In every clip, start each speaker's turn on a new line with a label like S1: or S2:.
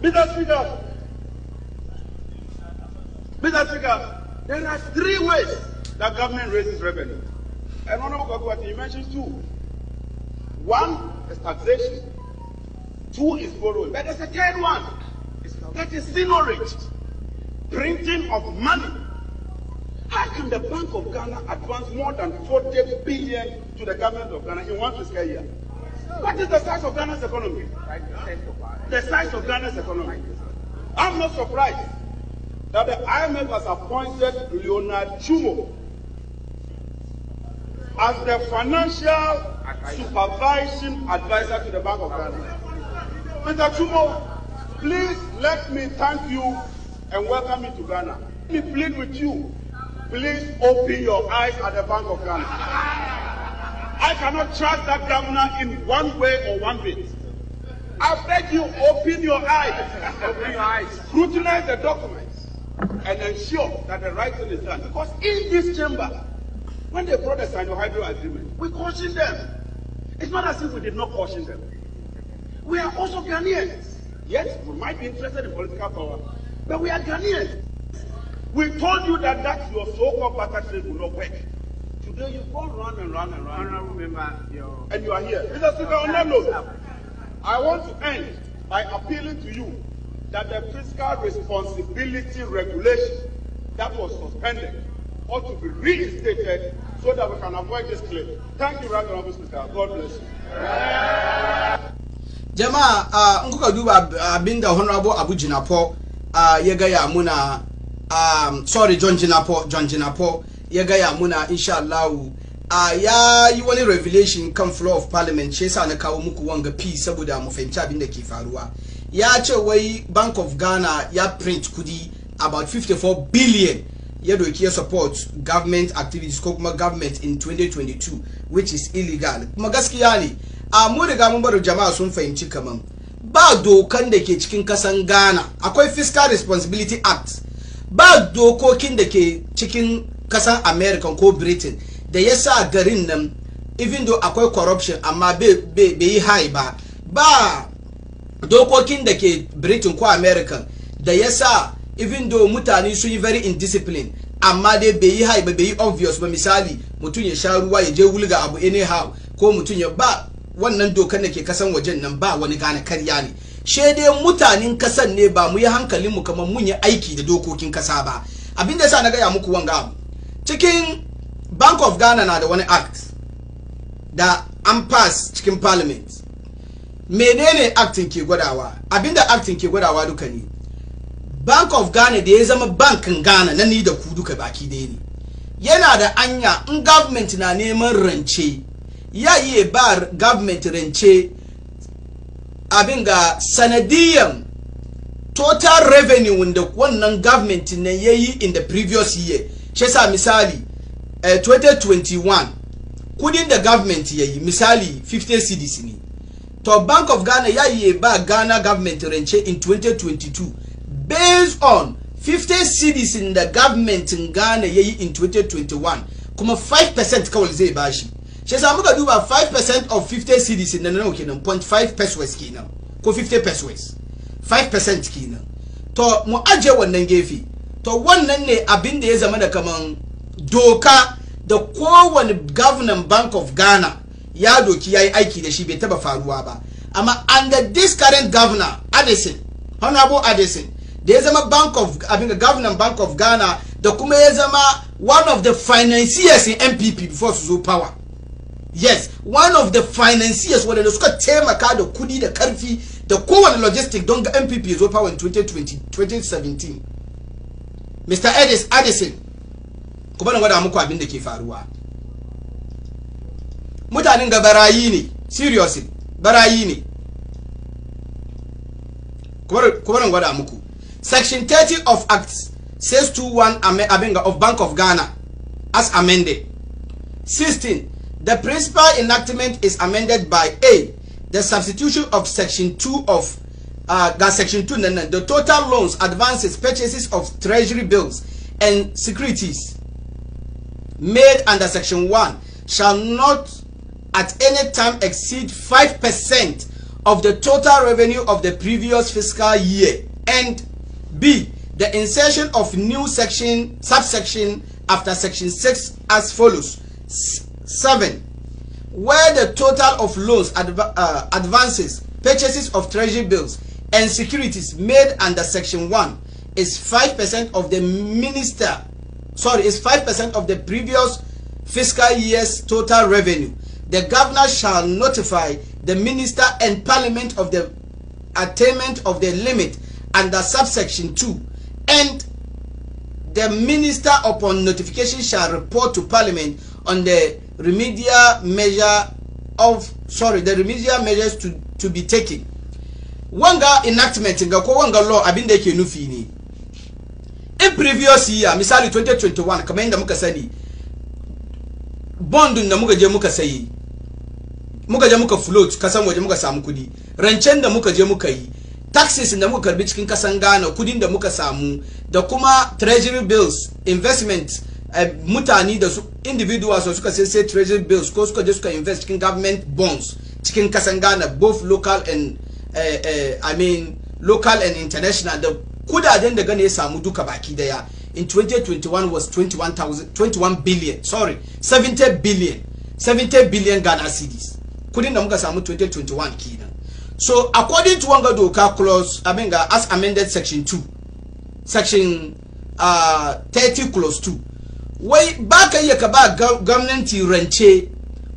S1: Bigger figures. Bigger figures. There are three ways that government raises revenue. And Honorable Kakuati, you mentioned two. One is taxation. Two is borrowing. But there's a third one. That is senorage. Printing of money. How can the Bank of Ghana advance more than 40 billion to the government of Ghana in one fiscal year? What is the size of Ghana's economy? The size of Ghana's economy. I'm not surprised that the IMF has appointed Leonard Chumo as the financial supervising advisor to the Bank of Ghana. Mr. Chumo, please let me thank you and welcome me to Ghana. Let me plead with you. Please open your eyes at the Bank of Ghana. I cannot trust that governor in one way or one bit. I beg you, open your eyes. Open your eyes. Scrutinize the documents and ensure that the right thing is done. Because in this chamber, when they brought the Sino-Hydro agreement, we cautioned them. It's not as if we did not caution them. We are also Ghanaians. Yes, we might be interested in political power, but we are Ghanaians. We told you that that your so-called partnership will not work. No, you go run and run and run. Honorable your... And you are here. Mr. Speaker, on that note, I want to end by appealing to you that the fiscal responsibility regulation that was suspended ought to be reinstated so that we can avoid this claim. Thank you, Right Honorable Speaker. God bless you.
S2: Jama'a in uh, kuka duba abin uh, da Honorable Abu Jinapo uh, ya gaya muna um, sorry John Jinapo John Jinapo ya gaya muna insha Allah a ya yi wani revelation kan floor of parliament shi yasa na kawo muku wanga p saboda mu fahimci abin da ke faruwa ya ce wai bank of ghana ya print kudi about 54 billion ya doki ya support government activities ko kuma government in 2022 which is illegal kuma gaskiya ne a mu riga mun bar jama'a sun fahimci kaman ba dokan da ke cikin kasan ghana akwai fiscal responsibility act ba dokokin da ke cikin kasar america ko britain da ya sa garin nan even though akwai corruption amma bai yi hai ba ba dokokin da ke britain ko america da ya sa even though mutane sun yi very indiscipline amma dai bai yi hai ba bai yi obvious ba misali mutum ya sha ruwa ya je wulga abu anyhow ko mutum ya ba wannan dokar da ke kasan wajen nan ba wani gane karya ne she dai mutanen kasan ne ba mu yi hankalin mu kamar mun yi aiki da dokokin kasa ba abin da sa na gaya muku wanga abu cikin bank of ghana na da wani act da an pass cikin parliament menene actin ke gwadawa abinda actin ke gwadawa duka ne bank of ghana da ya zama bankin ghana na ni da ku duka baki daya ne yana da anya in government na neman rance ya yi ba government rance abin ga sanadiyan total revenue da wannan government na ya yi in the previous year shi yasa misali eh, 2021 kudin da government ya yi misali 50 cedis ne to bank of ghana ya yi ba ghana government rance in 2022 based on 50 cedis da government ghana ya yi in 2021 kuma 5% kawai zai bashi shi yasa muka duba 5% of 50 cedis na nawa kenan 0.5 pesos kenan ko 50 pesos 5% kenan to mu aje wannan gefe to wannan ne abin da ya zama da kaman doka da kowane governor bank of ghana ya doki ya yi aiki da shi bai taba faruwa ba amma under this current governor addison honorable addison da ya zama bank of abin governor bank of ghana da kuma ya zama one of the financiers in mpp before su zo power yes one of the financiers wadanda suka taimaka da kudi da karfi da kowane logistic don ga mpp ya zo power in 2020 2017 mr edis addison ku bani gwada muku abin da ke faruwa mutanen ga barayi ne seriously barayi ne ku bani gwada muku section 30 of act 621 abin of bank of ghana as amended 16 the principal enactment is amended by a the substitution of section 2 of uh, that section 2 the total loans advances purchases of treasury bills and securities made under section 1 shall not at any time exceed 5% of the total revenue of the previous fiscal year and b the insertion of new section subsection after section 6 as follows 7 where the total of loans adv uh, advances purchases of treasury bills and securities made under section one is five percent of the minister sorry is five percent of the previous fiscal year's total revenue the governor shall notify the minister and parliament of the attainment of the limit under subsection two. and the minister upon notification shall report to parliament on the remedial measure of sorry the remedial measures to to be taken wanga enactment ga ko wanga law abin da yake nufi ne in previous year misali 2021 kamar yadda muka sani bondin da muka je muka sayi muka je muka float kasan waje muka samu kudi rancen da muka je muka yi taxes da muka karbi cikin kasan Ghana kudin da muka samu da kuma treasury bills investment eh, mutane da su individuals da suka sai treasury bills ko suka je suka invest cikin government bonds cikin kasan Ghana both local and Eh, eh, i mean local and international da kudaden da gane ya samu duka baki daya in 2021 was 21,000 21 billion sorry 70 billion 70 billion Ghana cedis kudin da muka samu 2021 kenan so according to wanga doka clause I mean as amended section 2 section uh, 30 clause 2 wai baka iya ka ba gwamnati rance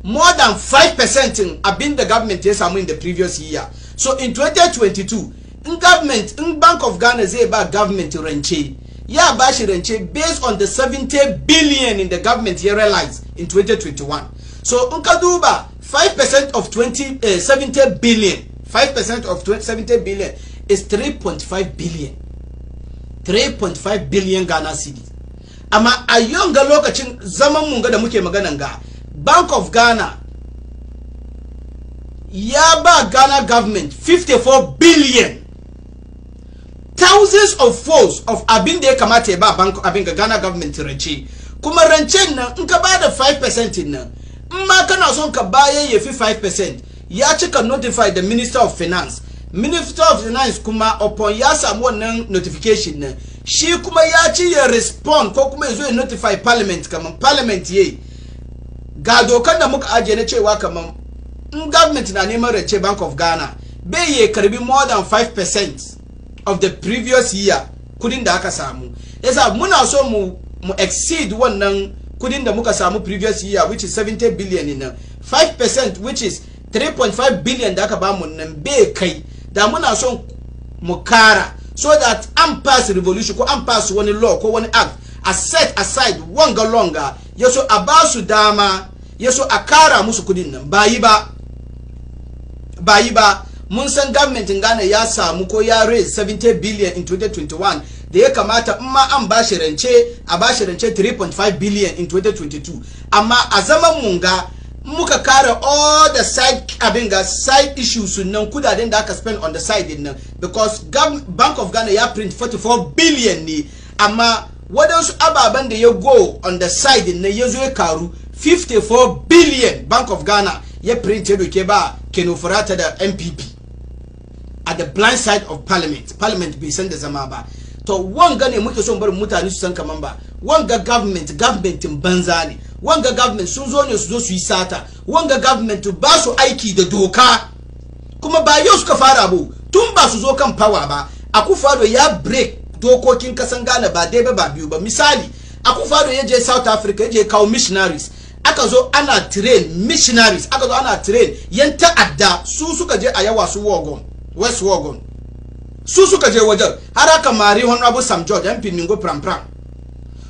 S2: more than 5% abin da government ya samu in the previous year so in 2022 in government in bank of ghana zai ba government rance ya ba shi rance based on the 70 billion in the government ya realize in 2021 so in ka duba 5% of 20, uh, 70 billion 5% of 20, 70 billion is 3.5 billion 3.5 billion ghana cedis amma a yau ga lokacin zaman munga da muke magana ga bank of ghana ya ba ghana government 54 billion thousands of foes of abin da ya kamata ya ba abin ga ghana government rance kuma rancen nan in ka ba da 5% nan in ma kana son ka ye ya fi 5% ya cika notify the minister of finance minister of finance kuma upon ya samu wannan notification nan shi kuma ya ci ya respond ko kuma ya e zo ya e notify parliament kamar parliament ye ga dokan da muka ajiye na cewa kamar in mm, government na neman rance bank of ghana bai ya karbi more than 5% of the previous year kudin da aka samu yasa muna so mu mu exceed wannan kudin da muka samu previous year which is 70 billion nan 5% which is 3.5 billion da aka bamu nan bai kai da muna so mu kara so that an pass revolution ko an pass wani law ko wani act a set aside wanga longa yaso a ba su dama yaso a kara musu kudin nan bayi ba ba yi ba mun san in Ghana ya samu ko ya raise 70 billion in 2021 da ya kamata in ma an bashi rance a bashi rance 3.5 billion in 2022 amma a zaman munga muka kare all the side abin ga side issues nan kudaden da aka spend on the side din nan because bank of ghana ya print 44 billion ne amma wadansu ababen da ya go on the side din nan ya zo ya karu 54 billion bank of ghana ya printe doke ba kenufurata da npp at the blind side of parliament parliament bai san da zama ba to wanga ne muke son barin mutane su san kaman ba wanga government governmentin banza ne wanga government sun zo ne su zo su yi sata wanga government ba su aiki da doka kuma ba yau suka fara bu tun ba su zo kan fawa ba a akufado ya break dokokin kasan Ghana ba dai ba biyu ba misali akufado ya je South Africa ya je kawo missionaries aka zo ana train missionaries aka zo ana train yan ta'adda su suka je a yawa su wogon west wogon su suka je wajen har aka mari honorable sam george yan pinningo pram pram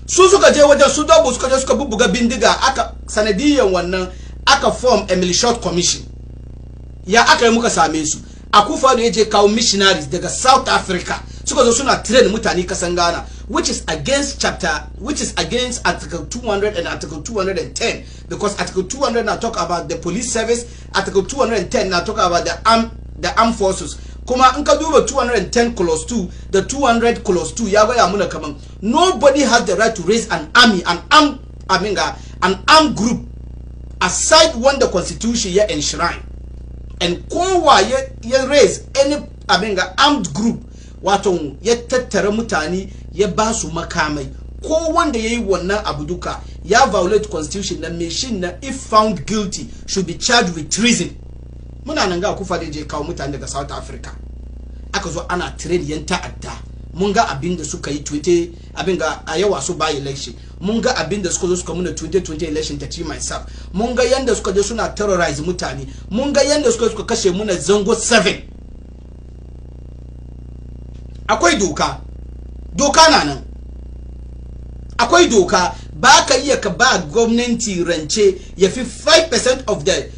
S2: su suka je wajen su dobu suka je suka bubuga bindiga aka sanadiyan wannan aka form a short commission ya aka yi muka same su a kufa da ya je kawo missionaries daga south africa suka zo suna train mutane kasan ghana which is against chapter which is against article 200 and article 210 because article 200 now talk about the police service article 210 now talk about the armed the armed forces kuma in ka 210 clause 2 the 200 clause 2 ya gaya muna kaman nobody has the right to raise an army an armed i mean uh, an armed group aside when the constitution here enshrine and kowa ya raise any i mean uh, armed group watong ya tattara ya ba su makamai ko wanda ya yi wannan abu duka ya violate constitution na machine na if found guilty should be charged with treason muna nan ga kufa da je kawo mutane daga south africa aka zo ana train yan ta'adda mun ga abin da suka yi 20 abin ga a yawa su ba election mun ga abin da suka zo suka muna 2020 election ta ci myself mun ga yanda suka je suna terrorize mutane mun ga yanda suka suka kashe muna zango 7 akwai doka doka na nan akwai doka ba ka iya ka ba gwamnati rance ya fi 5% of the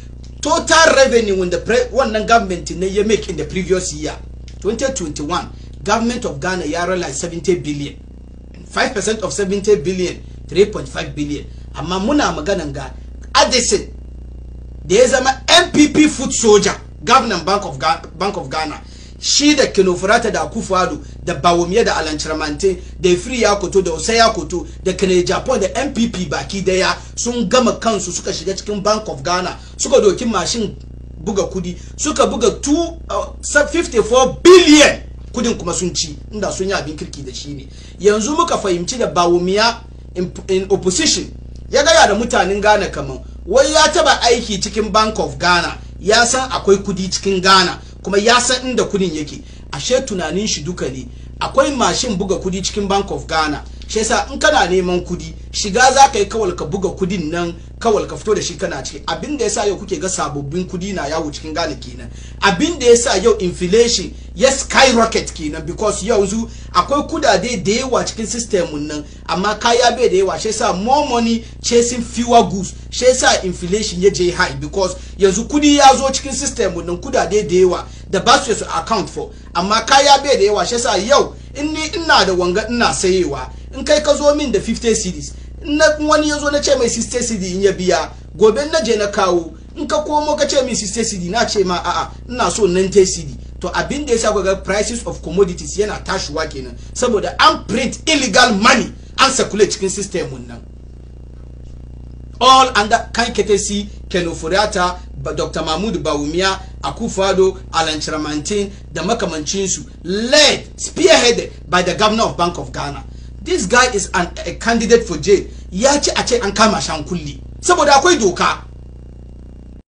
S2: total revenue wanda wannan gwamnati ne ya make in the previous year 2021 government of ghana ya realize 70 billion 5% of 70 billion 3.5 billion amma muna maganan ga addison da ya zama npp food soldier governor bank of, ghana, bank of ghana shi da kinofurata da akufado da bawomiya da alancirmante da ifiri ya koto da osai koto da kane japan da npp baki daya sun gama kansu suka shiga cikin bank of ghana suka doki mashin buga kudi suka buga 254 uh, biliyan kudin kuma sun ci inda sun yi abin kirki da shi ne yanzu muka fahimci da bawumiya in opposition ya gaya da mutanen ghana kamar wai ya taba aiki cikin bank of ghana ya san akwai kudi cikin ghana kuma ya san inda kudin yake ashe tunanin shi duka ne akwai mashin buga kudi cikin bank of ghana shi yasa in kana neman kudi shiga za ka yi kawal ka buga kudin nan kawal ka fito da shi kana ciki abin da yasa yau kuke ga sababbin kudi na yawo cikin gane kenan abin da yasa yau inflation ya skyrocket kenan because yanzu akwai kudade da yawa cikin system nan amma kaya bai da yawa shi yasa more money chasing fewer goods shi yasa inflation ya je high because yanzu kudi ya zo cikin system nan kudade da yawa da ba su account for amma kaya bai da yawa shi yasa yau in ni ina da wanga ina sayewa in kai ka zo min da 50 cds na wani ya zo na ce mai 60 cd in ya biya gobe na je na kawo in ka komo ka ce min 60 cd na ce ma a'a ina so 90 cd to abin da ya sa ga prices of commodities yana tashuwa kenan saboda an print illegal money an circulate cikin system mun nan all under kan si kenofuriata dr mahmud bawumia akufado alan chiramantin da makamancinsu led spearheaded by the governor of bank of ghana this guy is an, a candidate for jail ya ci a ce an kama shi an kulle saboda akwai doka